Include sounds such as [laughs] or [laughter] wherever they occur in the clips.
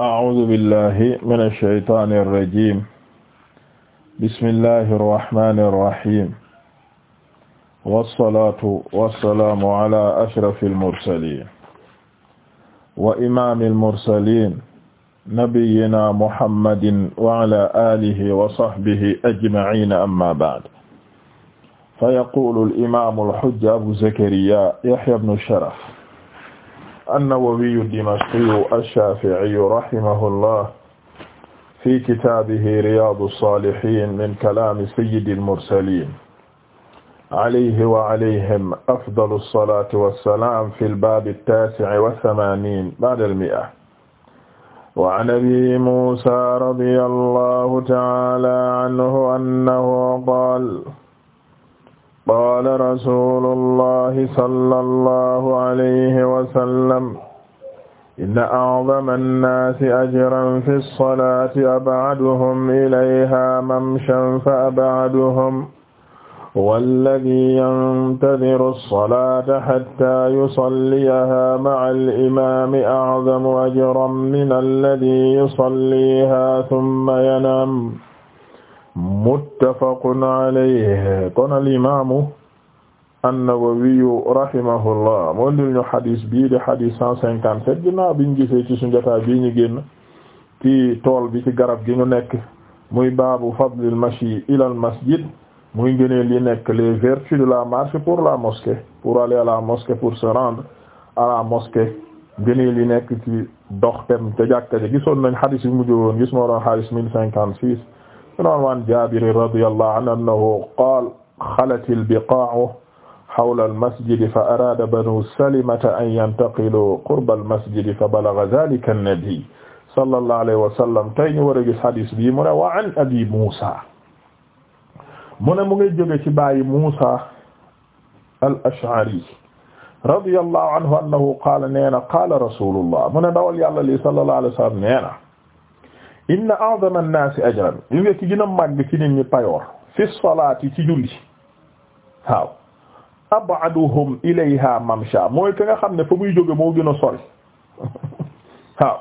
أعوذ بالله من الشيطان الرجيم بسم الله الرحمن الرحيم والصلاة والسلام على أشرف المرسلين وإمام المرسلين نبينا محمد وعلى آله وصحبه أجمعين أما بعد فيقول الإمام الحج أبو زكريا يحيى بن الشرف an-Nawawi ad-Dimashqi ash-Shafi'i rahimahullah fi kitaabihi Riyaadu s-Saalihiin min kalaami sayyidi l-mursaliin alayhi wa alayhim afdalu s-salaati wa s-salaam fil baabi t-taasi'i wa thamaaniin ba'da l-mi'a wa an abi Muusaa radiyallahu ta'aalaa anhu annahu qaala qaala rasuulullahi sallallahu alayhi wa sallam inna a'zama an-naasi ajran fi s-salaati ab'aduhum ilayhaa mamshan fa ab'aduhum walladhii yantadhiru s-salaata hattaa yusalliyahaa ma'a l-imaami a'zamu ajran mina alladhii yusalliihaa thumma yanaam muttafaqun alayhi kon al imaamu an-Nawawiyu rahimahullah moo ndil ñu xadis bii di xadis cent cinquante sept bi biñ gisee ci suñu jotaay bii ñu génn ci tool bi ci garab gi ñu nekk muy baabu fadlil mashi ilal masjid muy gënee li nekk les vertus de la marche pour la mosquée pour aller à la mosquée pour se rendre à la mosquée gënee li nekk ci dox tem ca jàkka ja gisoon nañ xadis bi mu jógoon gis moo xadis noon waan Jaabir radiyallahu anhu annahu qaala xalatil biqaa'u xawla almasjidi fa araada banu salimata an yantaqilu qurba almasjidi fa balagha zaalika annabi sallallahu alayhi wa sallam tey ñu war a gis hadis bii mu ne wa an abi Muusa mu ne mu ngi jóge ci baayu Muusa al-Ash'ari radiyallahu anhu annahu qaala nee na qaala rasulullah mu ne dawal yàlla lii sallallahu alayhi wa sallam nee na inna a'zama an-naasi ajran li nga ci gën a màgg ci nit ñi payoor fi salaati ci julli waaw ab'aduhum ilayha mamsha mooy ka nga xam ne fa muy jóge moo gën a sori [laughs] waaw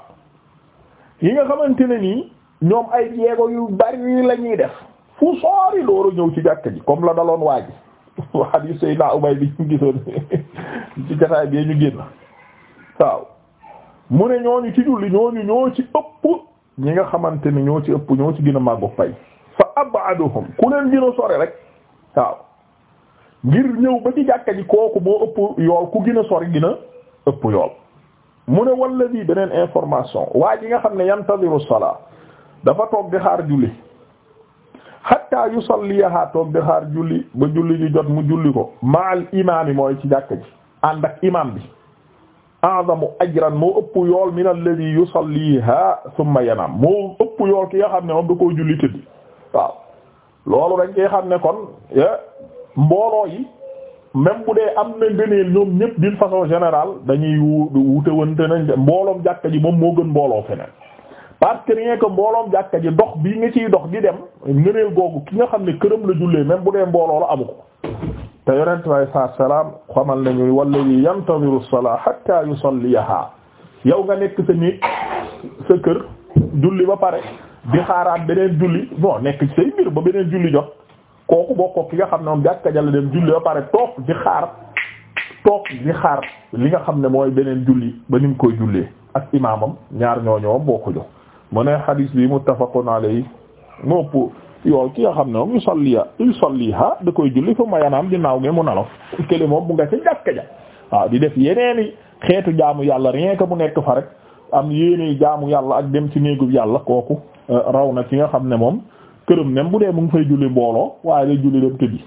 nga xamante ne nii ñoom ay jéego yu bari la ñuy def fu soori dooru ñëw ci jàkk ji comme la daloon waa ji [laughs] waa di Seydina Ubay bi ñu gisoon [laughs] ci jataay bi ñu génn waaw mu ne ñooñu ci julli ñooñu ñoo ci ëpp ñi nga xamante ni ñoo ci ëpp ñoo ci gën a màggu pay fa abaduhum ku leen gën a rek waaw ngir ñëw ba ci jàkka ji kooku boo ëpp yool ku gën a sori gën ëpp yool mu ne walla bi beneen information waa ji nga xam ne yantaziru salaa dafa toog di xaar julli hatta yusalliha toog di xaar julli ba julli ji jot mu julli ko ma al mooy ci jàkka ji ànd ak imaam bi a'zamu ajran moo ëpp yool min alladhi yusalliha thumma yanam moo ëpp yool ki nga xam ne moom da koo julli tëdd waaw loolu dañ koy xam ne kon mbooloo yi même bu dee am na ngëneel ñoom ñëpp d'une façon général dañuy wute wante nañ mbooloom jàkka ji moom moo gën mbooloo feneen parce que rien que mbooloom jàkka ji dox bii nga ciy dox di dem ngëneel googu ki nga xam ne këram la jullee même bu dee mbooloo la amu ko te yonent bi alayhi salaatu wa salaam xamal nañu walladhi yantaziru salaa hatta yusalliha yow nga nekk sa néeg sa kër julli ba pare di xaaraat beneen julli bon nekk ci say mbir ba beneen julli jot kooku bokkoo ki nga xam ne moom jàkka jàll dem julli ba pare toog di xaar toog di xaar li nga xam ne mooy beneen julli ba ni mu koy jullee ak imaamam ñaar ñooñu moom mu ne xadiis bi muttafaqun alayhi yow ki nga xam ne moom yu salliya yu salliha da koy julli fa ma yanaam ginnaaw gi mu nelaw kële moom bu nga ca jàkka ja waaw di def yeneen yeneeni xeetu jaamu yàlla rien mu nekk fa rek am yéene jaamu yàlla ak dem ci néegu yàlla kooku euh, raw na ki nga xam ne moom këram nem bu dee mu ngi fay julli mbooloo waaye day julli dem tëddi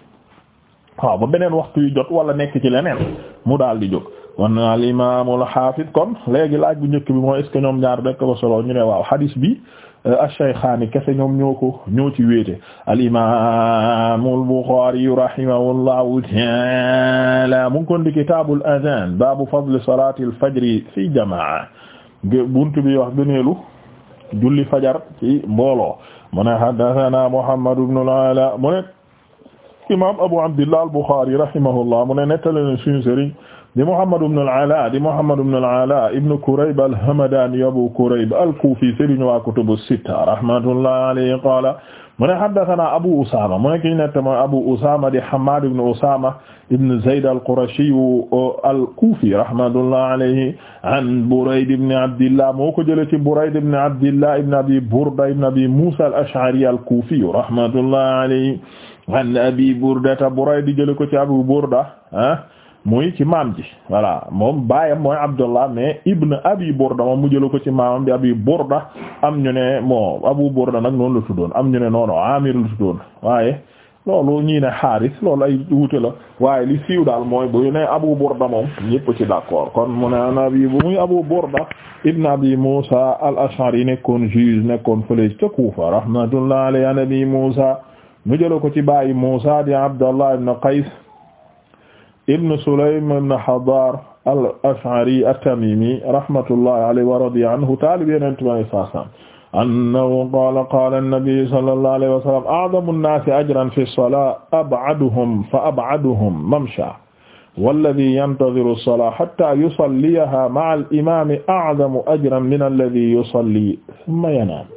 waaw ba beneen waxtu yu jot wala nekk ci leneen mu daal di jóg kon al imaamul xaafid kon léegi laaj bu njëkk bi mooy est ce que ñoom ñaar dekk solo ñu ne waaw hadis bi Euh, ash-Shaykhaani kese ñoom ñoo ko ñoo ci wéete al-Imaam al-Bukhaari rahimahullahu ta'aala mu ngi kon di kitaabul adaan baabu fadli salaatil fajri fi jamaa buntu bi wax gëneelu julli fajar ci mbooloo mu ne haddasanaa Muhammad ibn al-Alaa mu ne imaam Abu Abdillah al-Bukhaari rahimahullah mu ne nettali na suñu sëriñ di Muhammad ibn al-Ala di Muhammad ibn al-Ala ibn Kurayb al-Hamadani Abu Kurayb al-Kufi sëriñ wa kutubu sitta rahmatullahi alayhi qala mu ne haddathana Abu Usama mu ne ki nett mooy Abu Usama di Hammad ibn Usama ibn Zayd al-Qurashi al-Kufi rahmatullahi alayhi an Burayd ibn Abdillah moo ko jëlee ci Burayd ibn Abdillah ibn Abi Burda ibn Abi Musa al-Ash'ari al-Kufi rahmatullahi alayhi an Abi Burda Burayd jëlee ko ci Abu Burda ah, muy ci maam ji voilà moom baayam mooy Abdullah mais Ibn Abi Burda moom mu jëlu ko ci maamam bi Abi Burda am ñu ne moo Abu Burda nag noonu la tuddoon am ñu ne noonu Amir la tuddoon waaye ñii ne Haris loolu ay la waaye li siiw daal mooy bu ne Abu Burda moom ñëpp ci d'accord kon mu ne an abi bu muy Abu Burda Ibn Abi Musa al-Ash'ari nekkoon juge nekkoon fële ca Kufa rahmatullah alayhi an Abi Musa mu jël ko ci baayu Musa di Abdullah ibn Qays ibn Sulaym ibn Hadar al-Ash'ari at-Tamimi rahmatullahi alayhi wa radiya anhu taalib Yonent bi sallallahu annahu qaala qaala an-nabi sallallahu alayhi wa sallam a'zamu an-naasi ajran fi as-salaati ab'aduhum fa ab'aduhum mamshaa walladhi yantaziru as-salaata hattaa yusalliyahaa ma'a al-imaami a'zamu ajran min alladhi yusalli thumma yanaam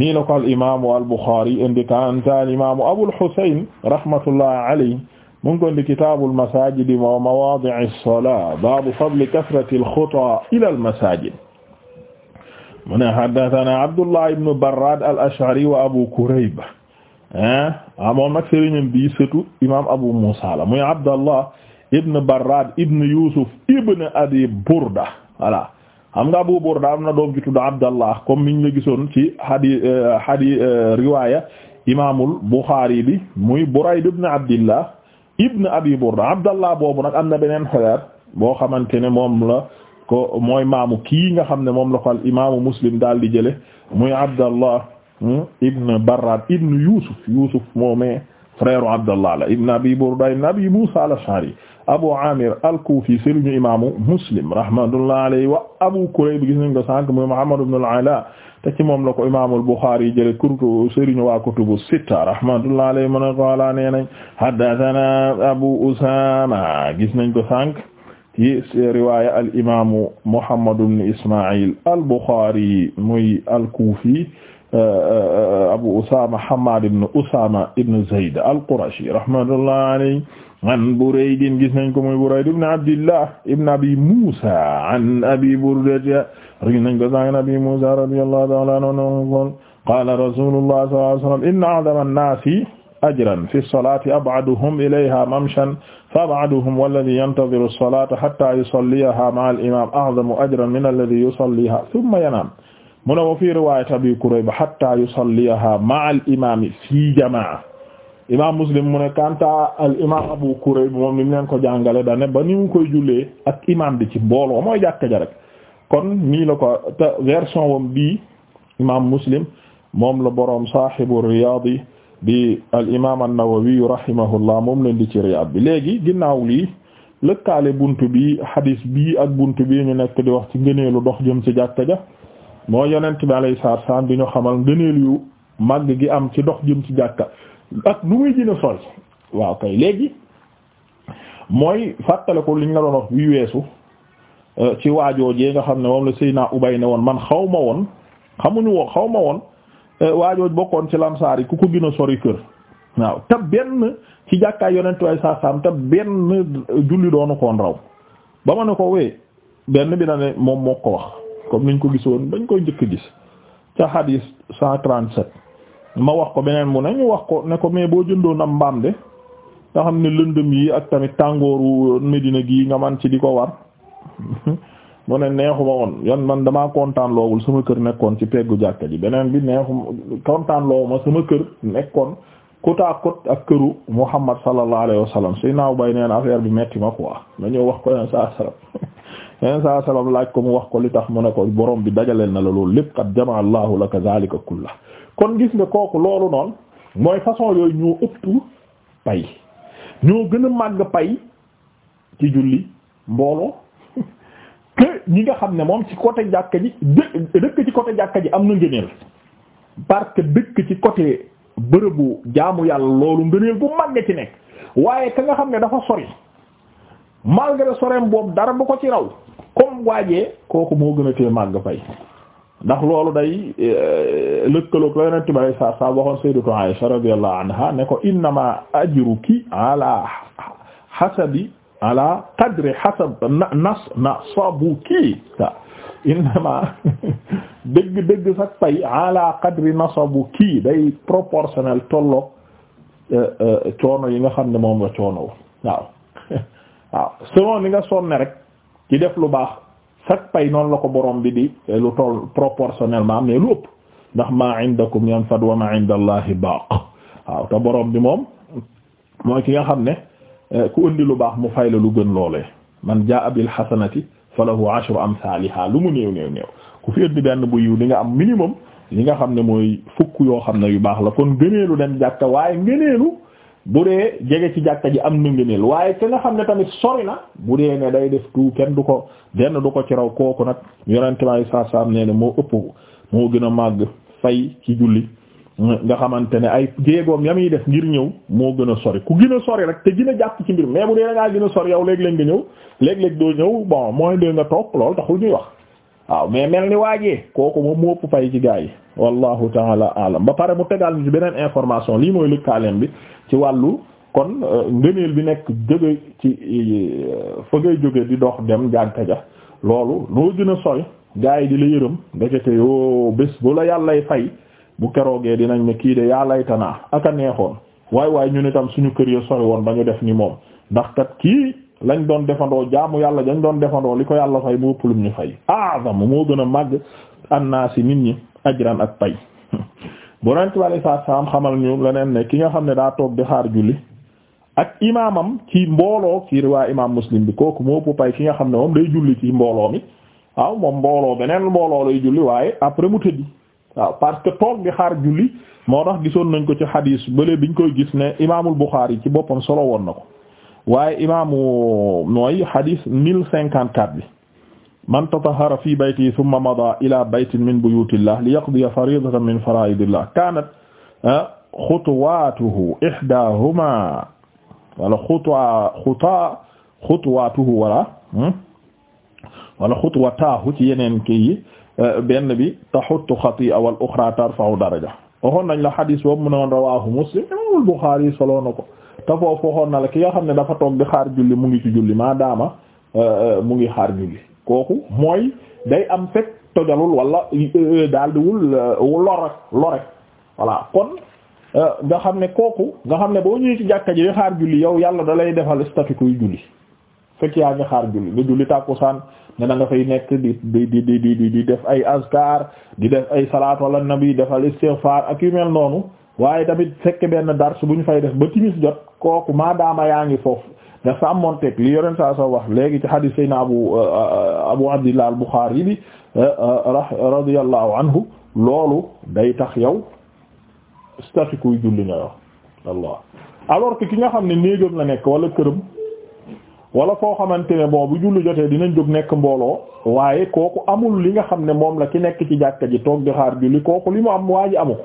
nii la ko al-imaamu al-Bukhaari indi kan al-imaamu Abul Husayn rahmatullahi alayhi mu ngi koy di kitaabul masaajidi wa mawaadi'i s-salaat baabu fadli kasratil xutaa ilal masaajid mu ne haddasanaa Abdullah ibn Barraad al-Ash'ari wa Abu Kurayb eh? ah moom nag sëriñam bi sëtu imaam Abu Muusaa la muy Abdullah ibn Barraad ibn Yuusuf ibn Abi Burda voilà xam nga Abu Burda am na doom ju tudd Abdullah comme niñ la gisoon ci hadi eh, hadi eh, riwaaya imaamul Buxaari bi muy Burayd ibn Abdillah ibn abi burda abdallah boobu nag am na beneen xeer boo xamante ne moom la ko mooy maamu kii nga xam ne moom la ko al imaamu muslim daal di jële muy abdallah hmm, ibn barrad ibn yusuf yusuf moomee frère abdallah la ibn abi burda ibn abi musa al-ash'ari abu amir al-kufi sëriñu muslim abu kurayb gis nañ ko sànq te ci moom la ko imaamul Buxaari jële kurtu sëriñ waa kutubu sitta rahmatullah alayhi mu ne qaala nee nañ haddathana Abu Usaama gis nañ ko sànq ci riwaaya al imaamu Muhammad ibn Ismaa'il al Buxaari muy al Kuufi eh, eh, eh, Abu Usaama Hammaad ibn Usaama ibn Zayd al Qurashi rahmatullah alayhi an Burayd gis nañ ko muy Burayd ibn Abdillah ibn Abi Musa an Abi Burda gis nañ ko an Abi Musa radiyallahu ta'ala anhu qala rasulullah sallallahu alayhi wasallam inna a'zama an-nasi ajran fi as-salati ab'aduhum ilayha mamshan fa ab'aduhum walladhi yantaziru as-salata hatta yusalliha ma'a al-imam a'zamu ajran min alladhi yusalliha thumma yanam mu ne wa fi riwayat Abi Kurayb hatta yusalliha ma'a al-imam fi jama'a imaam muslim mu ne kanta al imaam abu kurayb moom ni mu ko jàngale dane ba ni mu koy jullee ak imaam bi ci mbooloo mooy jàkka ja rek kon nii la ko te version wam bii imaam muslim moom la boroom saahibu riyaad yi di al imaam an-nawawi rahimahullah moom leen di ci riyaad bi léegi ginnaaw lii lëkkaale buntu bi hadis bii ak buntu bi ñu nekk di wax ci ngëneelu dox jëm ci jàkka ja moo yonent bi alayhi salaatu wa salaam di ñu xamal ngëneel yu màgg gi am ci dox jëm ci jàkka ak nu muy gën sori waaw kay léegi mooy fàttaliku liñ la doon wax wi weesu euh, ci waajoojee nga xam ne moom la Seydina Ubay ne woon man xaw ma woon xamuñu woon xaw ma woon euh, waajooj bokkoon ci lamsaar yi ku ko gën a sori kër waaw te benn ci jàkkaay yonentuwaay saa saam te benn julli doonu koon raw ba ma ne ko wee benn bi na ne moom moo ko wax comme niñ ko gisoon bañ koy njëkk gis ca hadis cent trente-sept ma wax ko beneen mu ne ñu wax ko ne ko mais boo jëndoon am mbaam de nga xam ne lëndëm yi ak tamit tàngooru Medina gii nga man ci di ko war [laughs] mu ne neexuma woon yan man damaa kontaan loowul sama kër nekkoon ci peggu jàkka ji beneen bi neexuma kontaan loowu ma sama kër nekkoon kotaakot à côte ak këru Muhammad sallallahu alayhi wa sallam si naaw bay neen affaire bi metti ma quoi ma ñëw wax ko yeneen saa salaam yeneen saa salaam laaj ko mu wax ko li tax mu ne ko borom bi dajaleel na la loolu lépp kat jamaa Allahu laka zalika kon gis nga kooku loolu noonu mooy façon yooyu ñoo ëpp pay ñoo gën a màgg pay ci julli mbooloo [laughs] que ñi nga xam ne moom ci côté jàkka ji dë dëkk ci côté jàkka ji am na ngëneel parce que dëkk ci côté bërëbu jaamu yàlla loolu ngëneel bu màgg ci nekk waaye ka nga xam ne dafa sori malgré soreem boobu dara bu ko ci raw comme waajee kooku moo gën a tee màgg fay ndax loolu day eh, lëkkaloog la yonent bi saa waxoon sayyidatu Aisha radiyallahu anha ne ko innama ajruki ala hasabi ala qadri hasab nas nasabuki innama [laughs] dëgg dëgg sax pay ala qadri nasabuki day proportionnel tolloog eh, eh, coono yi nga xam ne moom nga coono waaw [laughs] waaw selon nga sonne rek ci def lu baax. sak pay noonu la ko borom bi di eh, lu toll proportionnellement mais lu ëpp ndax ma indakum yanfad wa ma inda allahi baaq waaw te borom bi moom mooy ki nga xam ne eh, ku indi lu baax mu fay la lu gën loolee man jaa bil hasanati falahu ashru amsaliha lu mu néew néew néew ku fi indi benn bu yiw di nga am minimum li nga xam ne mooy fukk yoo xam ne yu baax la kon ngëneelu dem jàkka waaye ngëneelu bu dee jege ci jàkka ji am na ngëneel waaye te nga xam ne tamit sori na bu dee ne day def tout kenn du ko benn du ko ci raw kooku nag yonente may saa saa nee ne moo ëpp moo gën a màgg fay ci julli nga xamante ne ay jéegoom ya muy def ngir ñëw moo gën a sori ku gën a sori rek te gën a jàpp ci mbir mais bu dee da ngaa gën a sori yow léeg lañ nga ñëw léeg-léeg doo ñëw bon mooy de nga toog loolu taxul ñuy wax waaw mais mel ni waajee kooku moom mu ëpp fay ci gaa yi wallahu taala alam ba pare mu tegal ñu ci beneen information lii mooy lëkkaaleem bi ci wàllu kon euh, ngëneel bi nekk jóge ci euh, fa ngay jóge di dox dem jànka ja loolu noo gën a sooy gaa yi di la yërëm ndekete yoo bés bu la yàllay fay bu keroogee dinañ ne kii de yàllay tanaa ak a neexoon waaye waaye ñu ne tam suñu kër ya sooy woon ba ñu def ni moom ndax kat kii lañ doon defandoo jaamu yàlla dañ doon defandoo li ko yàlla fay mu ëpp lu ñu fay azam moo gën a màgg annaasi nit ñi ajran ak pay bu nent bale saat saam xamal ñu leneen ne ki nga xam ne daa toog di xaar julli ak imaamam ci mbooloo ci waa imaam muslim bi kooku moo ëpp pay ki nga xam ne moom day julli ci mbooloo mi waaw moom mbooloo beneen mbooloo lay julli waaye après mu tëddi waaw parce que toog di xaar julli moo tax gisoon nañ ko ci xadiis bële biñ koy gis ne imaamul Buxaari ci boppam solo woon na ko waaye imaamu mooy hadis mille cinquante quatre bi man tatahara fi baytihi thumma mada ila baytin min buyutillah li yaqdiya faridatan min faraidillah kanat xutwatuhu ihdahuma wala xutwa xuta xutwatuhu wala hmm, wala xutwataahu ci yeneen kii yi eh, benn bi taxuttu xati'a wal uxra tarfa'u daraja waxoon nañ la hadis boobu mu ne woon rawahu muslim imam al-Bukhari soloo na ko te foofu waxoon na la ki nga xam ne dafa toog di xaar julli mu ngi ci julli maadaama euh, euh, mu ngi xaar julli kooku mooy day am fekk tojalul wala euh, daal di wul lor rek lor kon nga xam ne kooku nga xam ne boo ñëwee ci jàkka ji di xaar julli yow yàlla da lay defal statut kuy julli fekk yaa ngi xaar julli nga julli tàkkusaan ne na nga fay nekk di di di di di di def ay azkar di def ay salaat wala nabi defal istighfar ak yu mel noonu waaye tamit fekk benn dars bu ñu fay def ba timis jot kooku maadaama yaa ngi foofu da sàmmonteeg li yoreen saa sa wax léegi ci hadis sayna abu euh, euh, abu abdillah al yi bi euh, radiyallahu anhu loolu day tax yow statut kuy julli nga wax allah ki nga xam ne néegam la nekk wala këram wala foo xamante ne bon bu julli jotee dinañ jóg nekk mbooloo waaye kooku amul li nga xam ne moom la ki nekk ci jàkka ji toog di xaar julli kooku li mu am waa ji amu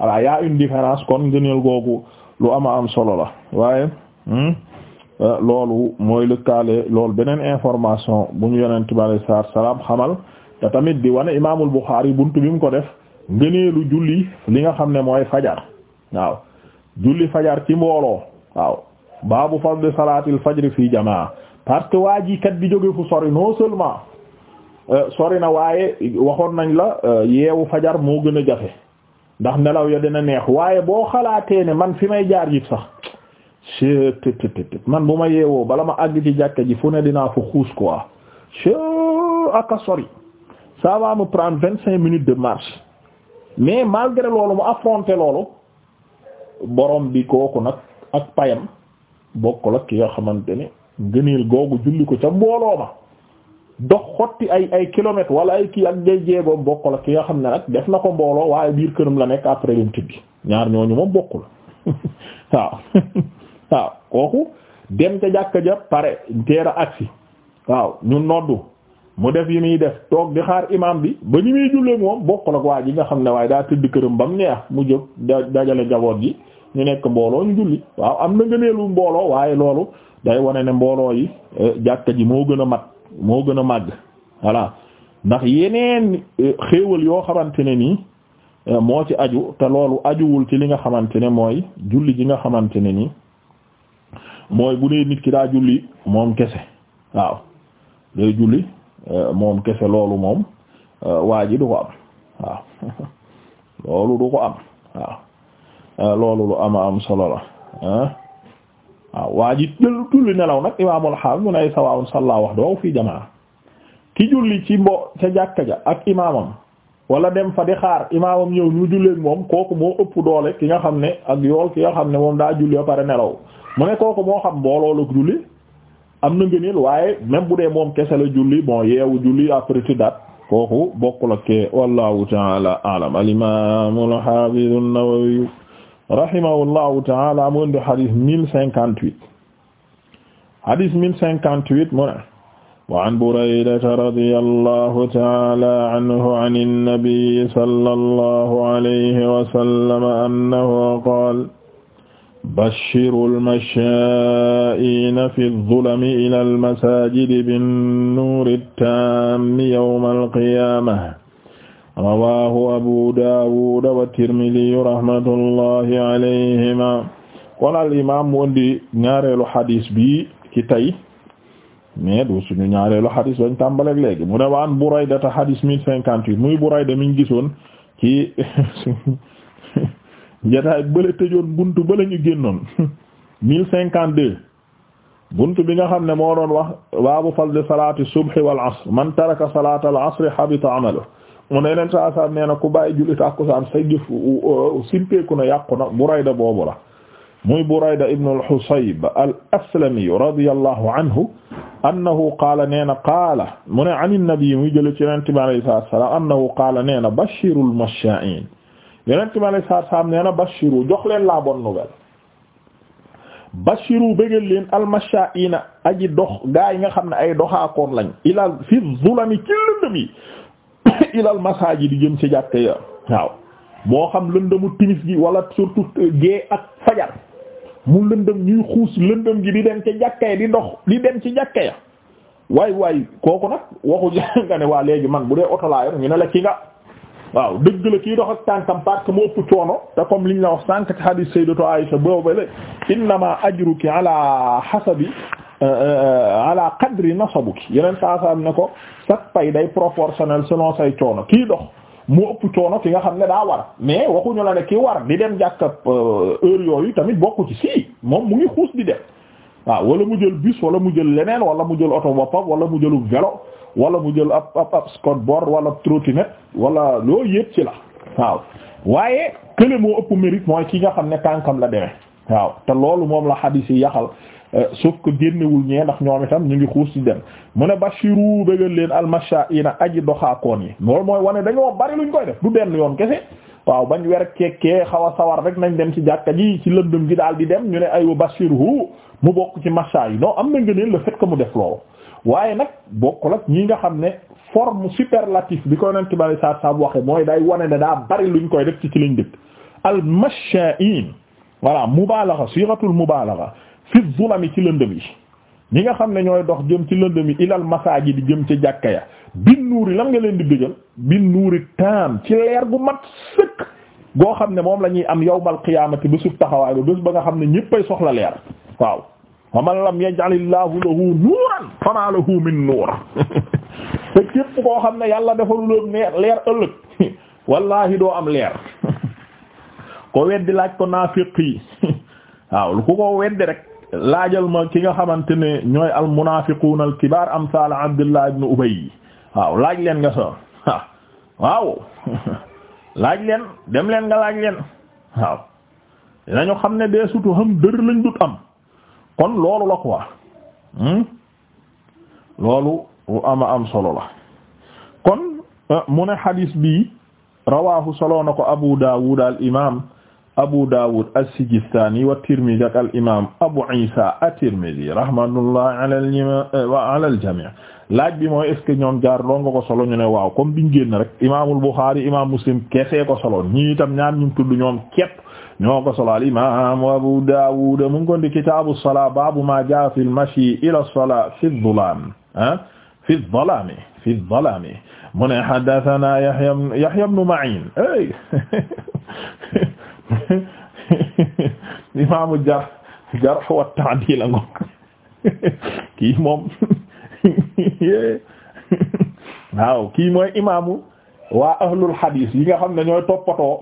voilà y'a une différence kon ngëneel googu lu ama am solo la waaye hmm, euh, loolu mooy lëkkaale loolu beneen information bu ñu yonent bi alayhi salaam xamal te tamit di wane imaamul Buxaari buntu bi mu ko def ngëneelu julli li nga xam ne mooy fajar waaw julli fajar ci mbooloo waaw baabu fadli salaatil fajri fii jamaa parce que waa ji kat di jóge fu sori non seulement euh, sori na waaye waxoon nañ la euh, yeewu fajar moo gën a jafe ndax nelaw ya dina neex waaye boo xalaatee ne man fi may jaar yit sax chettt man bu ma yeewoo bala ma àgg ci jàkka ji fu ne dinaa fa xuus quoi che aka sori ça va me prendre vingt cinq minutes de marche mais malgré loolu mu affronter loolu borom bi kooku nag ak payam bokkul ak ki nga xamante ne gëneel googu julli ko ca mbooloo ma dox xotti ay ay kilomètres wala ay kii ak ngay jeegoom bokkul ak ki nga xam ne nag def na ko mbooloo waaye biir këram la nekk après lim tibbi ñaar ñooñu moom bokkul [laughs] [laughs] waaw kooku dem ca ja pare teer a agsi waaw ñu noddu mu def yi muy def toog di xaar bi ba ñu muy jullee moom bokkul waa ji nga xam ne waaye daa tëdd këram ba mu neex mu jóg dajale njaboot ji ñu nekk mbooloo ñu julli waaw am na ngëneelu mbooloo waaye loolu day wane ne mbooloo yi eh, jàkka ji moo gën a mat moo gën a màgg voilà ndax yeneen euh, xéewal yoo xamante ne nii euh, moo ci aju te loolu ajuwul ci li nga xamante ne mooy julli ji nga xamante ne nii mooy bu dee nit ki daa julli moom kese waaw day julli euh, moom kese loolu moom waa ji du ko am waaw [laughs] loolu du ko am waaw loolu lu ama am solo la waaw waa ji tulli nelaw nag imaamul xaal mu ne sawaawun salla wax doo fi jamaa ki julli ci mbo ca jàkka ja ak imaamam walla dem fa di xaar imaamam ñëw ñu julleek moom kooku moo ëpp doole ki nga xam ne ak yool ki nga xam ne moom daa julli ba pare nelaw mu ne kooku moo xam mbooloo ak julli am na ngëneel waaye même bu dee moom kese la julli moo yeewu julli après tu dat kooku bokkul ak wallahu ta'ala a'lam al-imam al-hafiz rahimahullahu taala mu indi hadith mille cinquante-huit hadith mille cinquante-huit mu ne wa an Buraydata radiyallahu taala anhu an an-nabi sallallahu alayhi wa sallam annahu qaala bashiru al-mashaa'iina fi adh-dhulami ila al-masaajidi bin-nuuri at-taammi yawma al-qiyaamah rawahu abu dawud wa tirmidiyu rahmatullahi alayhima kon al imam wondi ñaareelu hadis bi ci tay mais du suñu ñaareelu hadis bañ tàmbaleg léegi mu ne waan Burayda ta hadis mille cinquante-huit muy Burayda miñ gisoon ci njataay [laughs] bële tëjoon buntu bële ñu génnoon [laughs] cinquante-deux buntu bi nga xam ne moo doon wax baabu fadli salaati subhi wal asr man taraka salaata al asri habita amaluhu mu ne leen saa saa nee na ku bàyyi julli tàkkusaan sa jëf euh, simpeeku na yàqu na Burayda boobu la muy Burayda ibn al-Husayb al-Aslami radiyallahu anhu annahu qaala nee na qaala mu ne an nabi muy jële ci Yonent bi alayhi salaatu wa salaam annahu qaala nee na bashirul mashaa'iin Yonent bi alayhi salaatu wa salaam nee na bashiru jox leen la bonne nouvelle bashiru bëggal leen al-mashaa'iina aji dox gaa yi nga xam ne ay doxaakoon lañ ilaa fi zulami ci lëndëm yi [coughs] ilal masaji di jëm ci jàkk ya waaw moo xam lëndëmu timis gi wala surtout euh, gée ak fajar mu lëndëm ñuy xuus lëndëm gi di dem ci jàkka ya di ndox di dem ci jàkka ya waay waay kooku nag waxu [laughs] nga ne waa léegi man bu dee oto laa yor ñu ne la ki nga waaw dëgg la kii dox ak tànkam parce que mu ëpp coono te comme liñ la wax sànq ci hadith sayyidatu Aisha boobu la innama ki ala hasabi Euh, euh, ala qadri nasabuki yeneen saasaam ne ko sak pay day proportionnel selon say coono kii dox mu ëpp coono ki nga xam ne daa war mais waxuñu la ne ki war di dem jàkka euh, heure yooyu tamit bokku ci moom mu ngi xuus di dem waaw wala mu jël bus wala mu jël leneen wala mu jël oto boppam wala mu jëlu vélo wala mu jël ab ab ab skateboard wala trottinette wala loolu yëpp ci la waaw waaye kële moo ëpp mérite mooy ki nga xam ne tànkam la demee waaw te loolu moom la xadiis yi Euh, sauf que génnewul ñee ndax ñoom itam ñu ngi xuus ci dem mu ne bashiru bégal leen a aji doxaakoon yi loolu mooy wane dañoo bari luñ koy def du benn yoon kese waaw bañ wer kekkee xaw a sawar rek nañ dem ci jàkka ji ci lëndëm ji daal di dem ñu ne aywa bashiru mu bokk ci masha yi noo am na ngëneel la fait que mu def loolu waaye nag bokk ak ñii nga xam ne forme superlative bi koy nent bari sa sa waxe mooy day wane ne daa bari luñ koy def ci ci lañ dëkk al mashaa'in voilà mubaalaxa siixatul mubaalaxa fi zulami ci lëndëm yi ñi nga xam ne ñooy dox jëm ci lëndëm yi ilal masaajid di jëm ci jàkka ya bin nuuri lan nga leen di bëjal bin nuuri taam ci leer gu mat sëkk goo xam ne moom lañuy am yawmal qiyaamati bésub taxawaay ba bés ba nga xam ne ñëppay soxla leer waaw la man lam yaj'alillaahu lahu nuuran famaa lahu min nuur [laughs] te képp koo xam ne yàlla defalul leer ëllëg [laughs] wallahi doo am leer [laughs] ko weddi laaj ko naafiq yi waaw lu ko ko weddi rek laajal ma ki nga xamante ne ñooy al munaafiquun al kibaar amsaal Abdullah ibn Ubay waaw laaj leen nga so waaw [laughs] laaj leen dem leen nga laaj leen waaw dañu xam ne dee sutu xam dër lañ dut am kon loolu la quoi hmm? loolu lu ama am solo la kon eh, mu ne xadiis bi rawaahu solo na ko Abu Daawud al imaam Abu Dawud as-Sijistani wa Tirmidhi ak al imaam Abu Isa at-Tirmidhi rahmatullahi ala al-jamii laaj bi mooy est-ce que ñoom jaar doon nga ko solo ñu ne waaw comme biñ génn rek imaamul Bukhari imaam Muslim kese ko solo ñii itam ñaar ñu tudd ñoom képp ñoo ko solo al imaam Abu Dawud mu ngi ko di kitaabu salaa baabu maa jaa'a fil mashyi ila salaa fi dhulaam ah fi dhalaami fi dhalaami mu ne haddathanaa Yahya Yahya ibn Ma'in [laughs] [laughs] imaamu jar jarh wa ta'dil ngo [laughs] kii moom [laughs] waaw kii mooy imaamu waa ahlul hadis yi nga xam ne ñooy toppatoo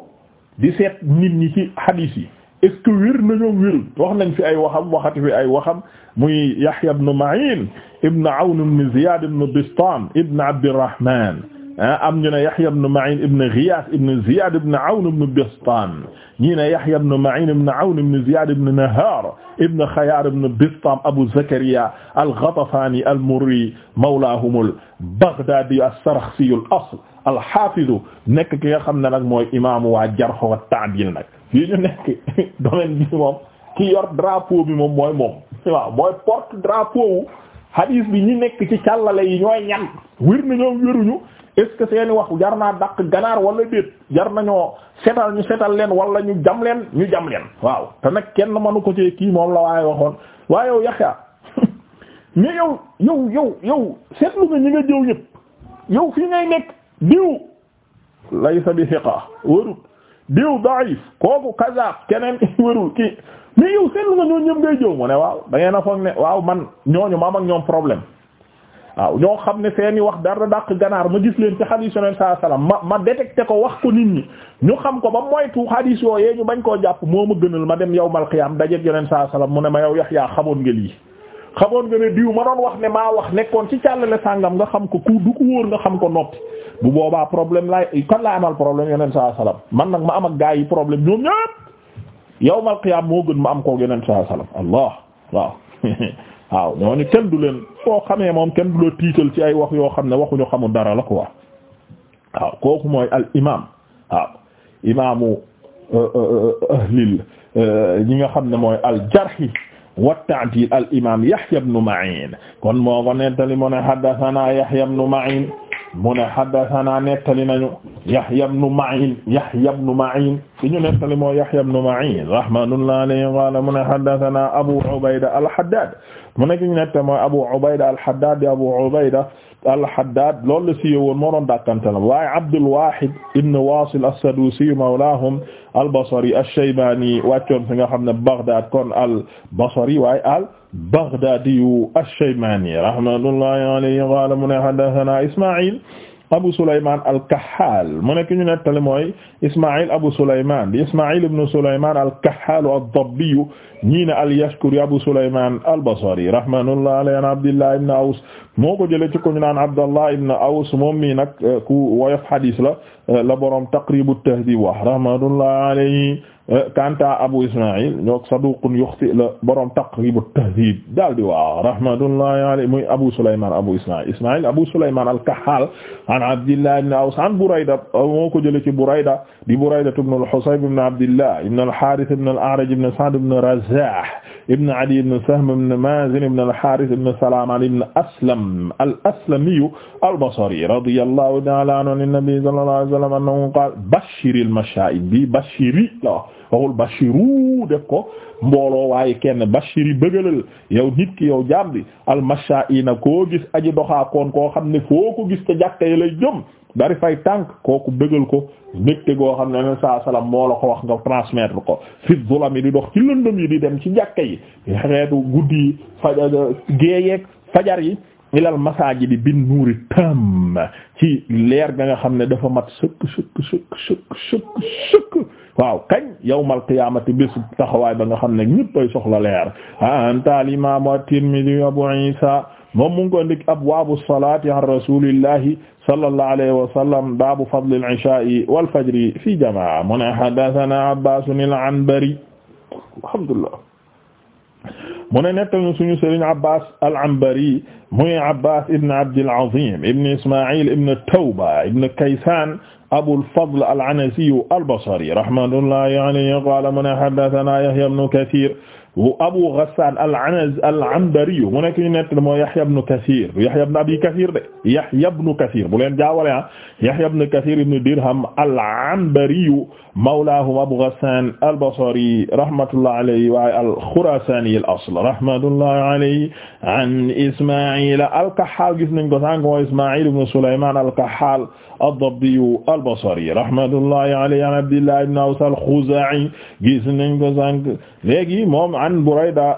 di seet nit ñi ci hadis yi est-ce que wér nañoo wérul nañ fi ay waxam waxati fi ay waxam muy Yahya ibn Ma'in ibn Awn ibn Ziyad ibn Bistam ibn Abdurrahman Ah, am ñu ne Yahya ibn Ma'in ibn Ghiyath ibn Ziyad ibn Awn ibn Bistam ñii ne Yahya ibn Ma'in ibn Awn ibn Ziyad ibn Nahar ibn Khayar ibn Bistam Abu Zakariya al-Ghatafani al-Murri mawlahum al-Baghdadi as-Sarakhsi al-asl al-Hafiz nekk ki nga xam ne nag mooy imaamu waa jarh wa ta'dil nag fii ñu nekk [laughs] domaine bi moom ki yor drapeau bi moom mooy moom waaw mooy porte drapeau wu hadith bi ñi nekk ci càllale yi ñooy ñan wir na ñoom wéruñu est-ce que seeni wax jar naa dàq ganaar wala déet jar nañoo setal ñu setal leen wala ñu jam leen ñu jam leen waaw te nag kenn manu ko ci kii moom la waaye waxoon waaye yow Yaxya [laughs] mais yow yow yow yow seetlu nga ñi nga jëw ñëpp yow fii ngay nekk diw laysa bi thiqa wërut diw da'if kooku kazaab keneen [laughs] wërul kii mais yow seetlu nga ñoo ñëpp ngay jëw mu ne waaw da ngeen foog ne waaw man ñooñu maam ak ñoom problème waaw ñoo xam ne seeni wax dara dàq ganaar ma gis leen ci xadiis yoneen saa salaam ma ma détecté ko wax ko nit ñi ñu xam ko ba moytu xadiis yooyee ñu bañ koo jàpp moo ma gënal ma dem yawmal qiyaam dajeek yoneen saa salaam mu ne ma yow Yaxya xamoon nga lii xamoon nga ne diw ma doon wax ne maa wax nekkoon ci càllale sàngam nga xam ko ku du ko wóor nga xam ko noppi bu boobaa problème laay kan laa amal problème yoneen saa salaam man nag ma am ak gaa yi problème ñoom ñëpp yawmal qiyaam moo gën ma am koog yoneen saa salaam allah waaw [laughs] waaw ñooñu kenn du leen foo xamee moom kenn du la tiital ci ay wax yoo xam ne waxuñu xamul dara la quoi waaw kooku mooy al imaam waaw imaamu euh, euh, euh, ahlil ñi nga xam ne mooy al jarhi wa ta'dil al imaam Yahya ibn Ma'in kon moo ko nettali mu ne haddathana Yahya ibn Ma'in mu ne haddathana nettali nañu Yahya ibn Ma'in Yahya ibn Ma'in ci ñu ne haddathana Abu Ubayda al-Haddad mu nekk ñu nette mooy Abu Ubayda al-Haddad di Abu Ubayda al-Haddad loolu la siiwee woon moo doon dàkkantalam waaye Abdul Wahid ibn Wasil as-Sadusi mawlahum al-Basri ash-Shaybani wàccoon fi nga xam ne Baghdad kon al-Basri waaye al-Baghdadi ash-Shaybani rahmatullahi alayhi qala mu ne haddathana Isma'il Abu Sulaymaan al-Kahhaal mu nekk ñu nettali mooy Isma'il Abu Sulaymaan di Isma'il ibn Sulaymaan al-Kahhaal ad-Dabbi ñii ne al-Yashkuri Abu Sulaymaan al-Basri rahmatullahi alayhi an Abdillah ibn Aws moo ko jëlee ci ko ñu naan Abdallah ibn Aws moom mii nag eh, ku woyof hadiis la eh, la boroom Taqrib at-Tahdhib wa rahmatullahi alayhi Eh, Kanta Abu Isma'il ñoog saduqun yuxti la borom Taqrib at-Tahdhib daal di waaw rahmatullahi alayhi muy Abu Sulaymaan Abu Isma'il Isma'il Abu Sulaymaan al-Kahhaal an Abdillah ibn Aws an Burayda eh, moo ko jëlee ci Burayda di Burayda ibn al-Husayb ibn Abdillah ibn al-Haarith ibn al-A'raj ibn Sa'd ibn Razaah ibn Adi ibn Sahm ibn Mazin ibn al-Harith ibn Salam an ibn Aslam al-Aslami al-Basri radiyallahu ta'ala anhu an-nabi sallallahu alayhi wa sallam annahu qala bashiri al-mashaa'ib bi bashiri la waxul bashiru def ko mbooloo waaye kenn bashiri bëggalal yow nit ki yow jaam bi al-mashaa'ina koo gis aji doxaakoon koo xam ne foo ko gis te jàkka lay jëm dari fay tànk kooku bëggal ko mbégte goo xam ne saa salaam moo la ko wax nga transmettre ko fi zulam yi di dox ci lëndëm yi di dem ci jàkka yi xeetu guddi yi fajar géeyeeg fajar yi ilal di bin nuuri tam ci leer ga nga xam ne dafa mat sëkk sëkk sëkk sëkk sëkk sëkk waaw kañ yawmal qiyaamati bés taxawaay ba nga xam ne ñëppay soxla leer anta al imaam at-Tirmidhi Abu Isa moom mu ngi ko ndik abwaabu salaati an rasuulillahi sallallahu alayhi wa sallam baabu fadli al-ishaa'i wal fajri fi jamaa mu ne haddasanaa abbaasun al-anbari alhamdulillah mu ne nettanu suñu sëriñ abbas al-anbari muy abbas ibn abdil azim ibn isma'il ibn tawba ibn kaysan abul fadl al-anasi al-basri rahmatullahi alayhi qaala mu ne haddasanaa yahya ibn kathir Abu Ghassan al-Anaz al-Anbari mu nekk ñu nekk mooy Yahya ibn Kathir Yahya ibn Abi Kathir de Yahya ibn Kathir bu leen jaawale ah Yahya ibn Kathir ibn Dirham al-Anbari mawlaahum Abu Ghassan al-Basri rahmatullah alayhi waaye al-Khurasani al-asl rahmatullah alayhi an Isma'il al-Kahhal gis nañ ko sànq mooy Isma'il ibn Sulayman al-Kahhal ad-Dabbi al-Basri rahmatullah alayhi an Abdillah ibn Aws al-Khuza'i gis nañ ko sànq léegi moom an Burayda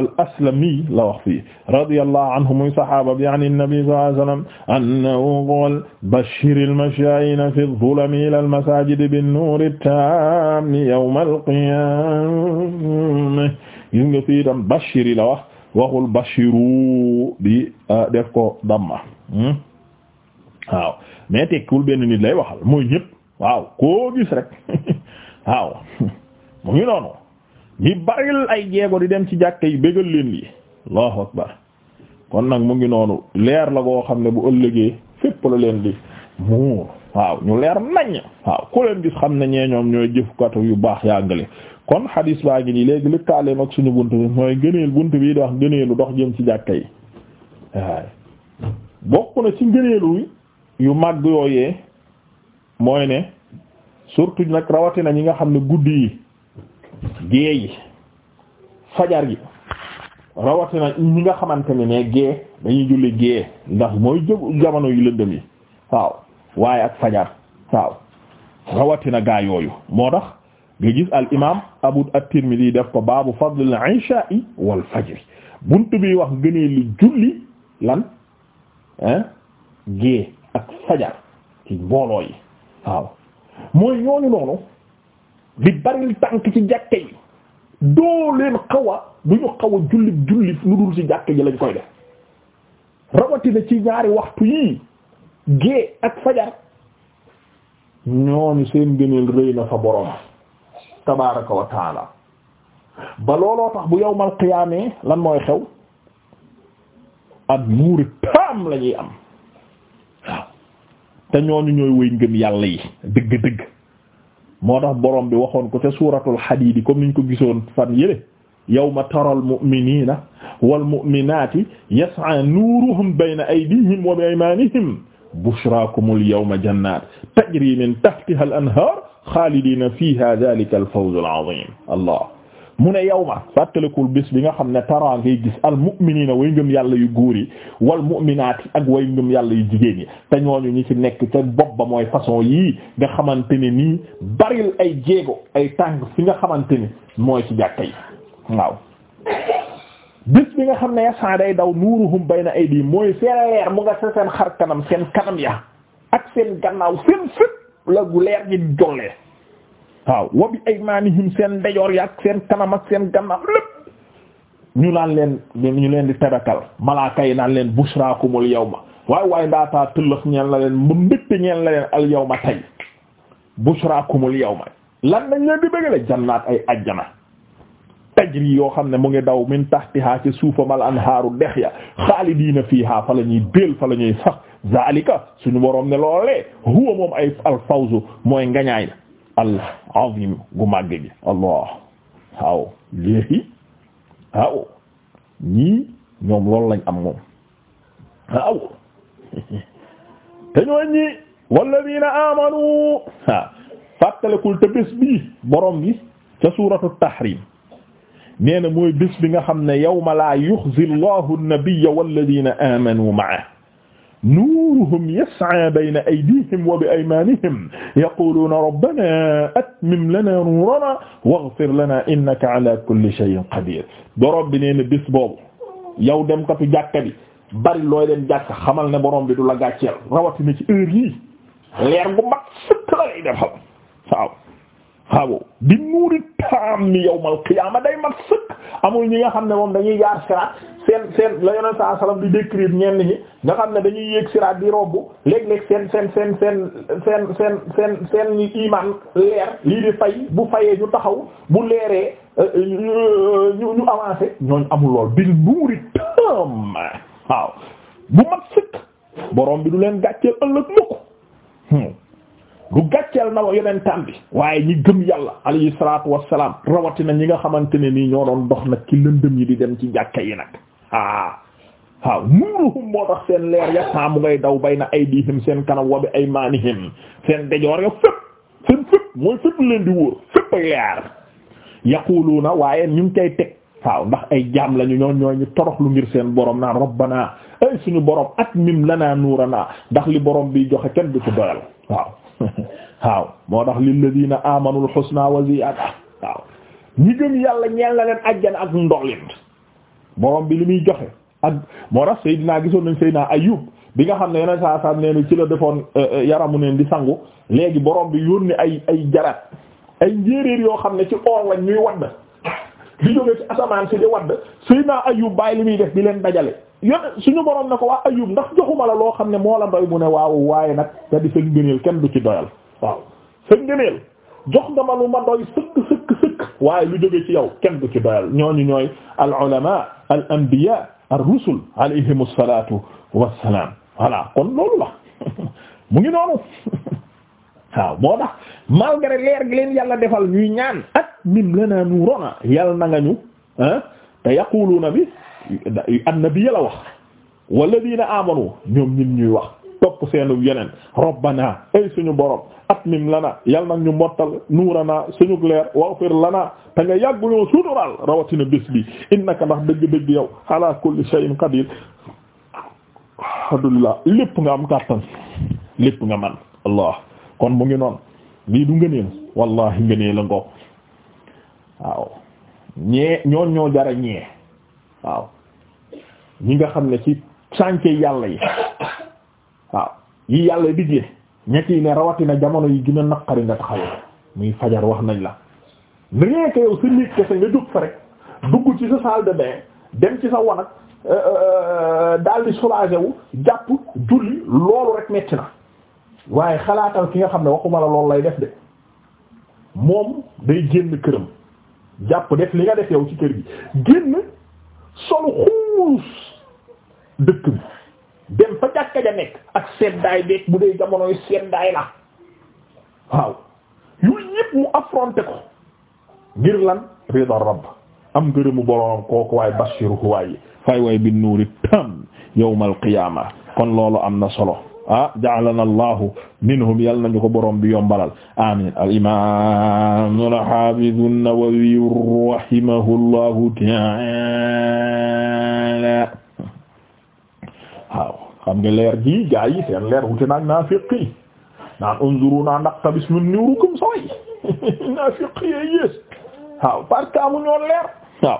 al-Aslami la wax fii radiyallahu anhu muy saxaaba bi an an-nabi sallallahu alayhi wa sallam annahu qaala bashshir al-mashaa'ina fi adh-dhulami ila al-masajid bin-nuur taami yawmal qiyaamah gis nga fii tam bashiri la wax waxul bashiru di ah, def ko damma hmm? waaw mais tekkul benn nit lay waxal mooy ñëpp waaw koo gis rek [laughs] waaw mu ngi noonu ñi baril ay jeego di dem ci jàkk yi bégal leen lii allahu akbar kon nag mu ngi noonu leer la goo xam ne bu ëllëgee fépp la leen di muur waaw ñu leer nañ waaw ku leen gis xam ne ñee ñoom ñooy jëfukatu yu baax yàggale kon xadiis baa ngi nii léegi lëkkaaleem ak suñu bunt bi mooy gëneel bunt bi dox wax dox jëm ci jàkka yi waaye bokk na ci ngëneelu yu màgg yooyee mooy ne surtout nag rawatina ñi nga xam ne guddi yi gée yi fajar gi rawatina ñi nga xamante ne ne dañuy julli gée ndax mooy jóg jamono yu lëndëm yi waaw waaye ak fajar waaw rawatina gaa yooyu moo tax nga gis al imaam Abu at-Tirmidhi def ko baabu fadl al-isha'i wal fajr buntu bi wax gënee li julli lan ah ak fajar ci mbooloo yi waaw mooy ñooñu noonu di baril tànk ci jàkke yi doo leen du ñu xaw a julli julli lu dul ci jàkke ji lañ koy def rawatina ci ñaari waxtu yii gée ak fajar ñooñu seen gëneel rëy na fa borom tabaraka wa taala ba looloo tax bu yowmal qiyaamee lan mooy xew ak nuuri taam la ñuy am waaw te ñooñu ñooy wëy ngëm yàlla yi dëgg-dëgg moo tax borom bi waxoon ko ca suuratul hadiid comme niñ ko gisoon fan yële yawma taral mu'miniina wal mu'minaati yas'a nuuruhum bayna aydiihim wa bi bushraakumul yawma jannaat tajri min tahtiha al anhaar xaalidina fiiha zaalika al fawzul aziim allah mu ne yawma fàttalikul bés bi nga xam ne tara ngay gis al mu'miniina way ngëm yàlla yu góor yi wal mu'minaati ak way ngëm yàlla yu jigéen yi te ñooñu ñi ci nekk te bopp ba mooy façon yii nga xamante ne nii baril ay jéego ay tàng fi nga xamante ni mooy ci jàkka yi waaw bis bi nga xam ne yasaa day daw nuuruhum bayna aydi mooy seen leer mu nga sa seen xar kanam seen kanam ya ak seen gannaaw seen fépp la gu leer gi jollee waaw wa bi aymanihim seen ndejoor ya ak seen kanam ak seen gannaaw lépp ñu naan leen ñu leen di tadakal malaaka yi naan leen bushraakumul yawma waaye waaye ndaataa tëllëx ñeen la leen mu ñeen la leen al yawma tay bushraakumul yawma lan nañ leen di bëgg la jannaat ay ajjana tajri yoo xam ne mu ngi daw min tahtiha ci suufam al anhaaru dex xaalidiina fiiha fa la ñuy béel fa la sax zalika suñu boroom ne loolee huwa moom ay al fawzu mooy ngañaay al azim gu màgg gi allah waaw léegi waaw ñii ñoom loolu lañ am moom waaw [laughs] te ñooñ ñi walladina amanu fàttalikul te bés bii borom gi ca suuratu tahrim nee na mooy bés bi nga xam ne yawma laa yuxzi llahu nabiyya walladina amanu ma'ahu nuuruhum yas'aa bayna aydihim wa bi aymaanihim yaquluuna rabbanaa atmim lanaa nuuranaa waghfir lanaa innaka alaa kulli shay'in qadiir borom bi nee na bés boobu yow dem katu jàkka bi bari looy dem jàkka xamal ne borom bi du la gàcceel rawatina ci heure yii leer bu mag sëkk la lay defal waaw. waaw bi nuuri taam mi yawmal qiyaama day mat sëkk amul ñi nga xam ne moom dañuy jaar siraat seen seen la yoneen saa salaam di décrire ñenn ñi nga xam ne dañuy yéeg siraat di robbu léeg-léeg seen seen seen seen seen seen seen seen iman leer lii di fay bu fayee ñu taxaw bu leeree euh, euh, ñu avancé ñooñ amul lool bi nuuri taam waaw bu mat sëkk borom bi du leen gàcceel ëllëg mukk hmm. du gàcceel na wa waaye ñi gëm yàlla alayhi salaatu salaam rawatina ñi nga xamante ne nii ñoo doon dox nag ci lëndëm yi di dem ci jàkka yi nag ah waaw ah, nuuruhum moo tax seen leer ya saamu ngay daw bay na aydihim seen kanam wa bi aymanihim seen dejoor ya fépp seen fépp mooy fépp leen di wóor fépp ay leer yaquluuna waaye ñu ngi koy teg waaw ndax ay jaam lañu ñoo ñoo ñu torox lu ngir seen borom naan rabbana ay suñu borom atmim lanaa nuuranaa ndax li borom bi joxe kenn du [laughs] waaw moo dax tax lilladina amanul husna wa ziyada waaw ñi gëm yàlla ñeel na leen ajjana ak ndolin borom bi li muy joxe ak moo tax Seydina gisoon nañ Seydina Ayyub bi nga xam ne yeneen saa saa nee ci la defoon eh, eh, yaramu neen di sangu léegi borom bi yónni ay ay jarat ay njéeréer yoo xam ne ci oor lañ ñuy wadd li jógee ci asamaan si di wadd Seydina Ayyub bàyyi li muy def di leen dajale yone suñu borom ne ko waa Ayyub ndax joxuma la loo xam ne moo la doy mu ne waaw waaye nag te di sa kenn du ci doyal waaw sa ngëneel jox nga ma lu ma doy sëkk sëkk waaye lu jóge ci yow kenn du ci doyal ñooñu ñooy al ulama al anbiya ar rusul alayhim assalatu wassalam kon loolu la [laughs] mu ngi noonu [laughs] waaw moo tax malgré leer gi leen yàlla defal ñuy ñaan atmim lana nuurana yal na nga ñu ah, te na bi annabi la wax walladina amanu ñoom ñin ñuy wax topp seenu yeneen rabbana ay suñu borom atmim lana yal nag ñu mottal nuurana suñu leer waghfir lana te nga yàgguñoo sutural rawatina bés bi innaka ndax dëgg-dëgg yow ala kulli shay'in qadir alhamdulillah lépp nga am kàttan lépp nga man allah kon mu ngi noonu lii du ngëneel wallahi ngëneel la ngoog waaw ñee ñoon ñoo jara ñee waaw ñi nga xam ne ci sànke yàlla yi waaw yi yàlla diggee ñett yi ne rawatina jamono yi gën a naqari nga taxawee muy fajar wax nañ la rien que yow sa nit kese nga jóg fa rek dugg ci sa salle de bain dem ci sa wanag euh, euh, euh, daal di soulager wu jàpp julli loolu rek metti na waaye xalaatal ki nga xam ne waxuma la loolu lay def de moom day génn këram jàpp def li nga def yow ci kër gi génn solu xuus dëkk bi dem fa jàkka ja nekk ak seddaay beeg bu dee jamonoy seddaay la waaw yooyu yëpp mu affronté ko ngir lan rida rabb am ngërëmu boroom kooku waay bashiru waay fay waay bi nuuri tam yawmal qiyaama kon loolu am na solo ah ja'alana allahu minhum yal nañu ko borom bi yombalal amin al imam al hafiz an-Nawawi rahimahullahu ta'ala waaw xam nga leer gi gaa yi leer wute naag naafiqi naan unzuruna naqtabis min nurikum saway [laughs] naafiqi yées waaw parce que amuñu leer waaw